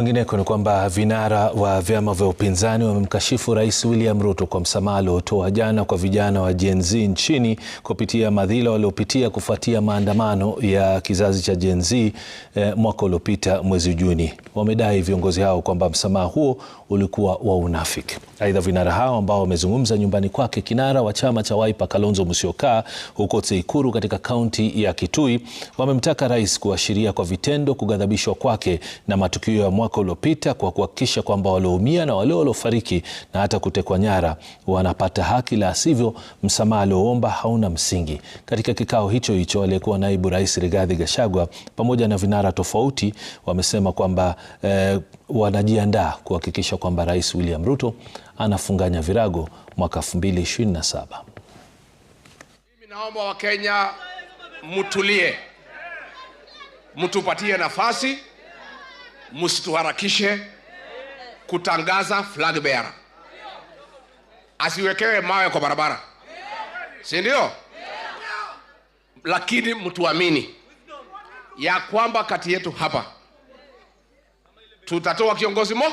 Kwingineko ni kwamba vinara wa vyama vya upinzani wamemkashifu Rais William Ruto kwa msamaha aliotoa jana kwa vijana wa Gen Z nchini kupitia madhila waliopitia kufuatia maandamano ya kizazi cha Gen Z eh, mwaka uliopita mwezi Juni. Wamedai viongozi hao kwamba msamaha huo ulikuwa wa unafiki. Aidha, vinara hao ambao wamezungumza nyumbani kwake kinara wa chama cha Wiper Kalonzo Musyoka huko Tseikuru katika kaunti ya Kitui wamemtaka rais kuashiria kwa vitendo kughadhabishwa kwake na matukio ya mwaka uliopita kwa kuhakikisha kwamba walioumia na wale waliofariki na hata kutekwa nyara wanapata haki, la sivyo msamaha alioomba hauna msingi. Katika kikao hicho hicho, aliyekuwa naibu rais Rigathi Gachagua pamoja na vinara tofauti wamesema kwamba eh, wanajiandaa kuhakikisha kwamba Rais William Ruto anafunganya virago mwaka 2027. Mimi naomba Wakenya mtulie, mtupatie nafasi msituharakishe kutangaza flag bearer, asiwekewe mawe kwa barabara, si ndio? Lakini mtuamini ya kwamba kati yetu hapa tutatoa kiongozi mo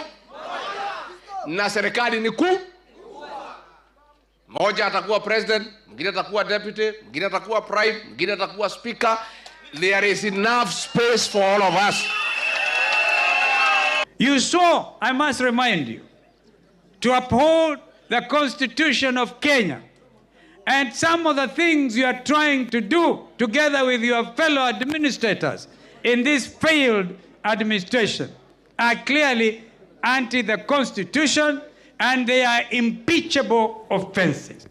na serikali ni kuu moja. Atakuwa president, mwingine atakuwa deputy, mwingine atakuwa prime, mwingine atakuwa speaker. There is enough space for all of us. You saw, I must remind you, to uphold the Constitution of Kenya and some of the things you are trying to do together with your fellow administrators in this failed administration are clearly anti the Constitution and they are impeachable offenses.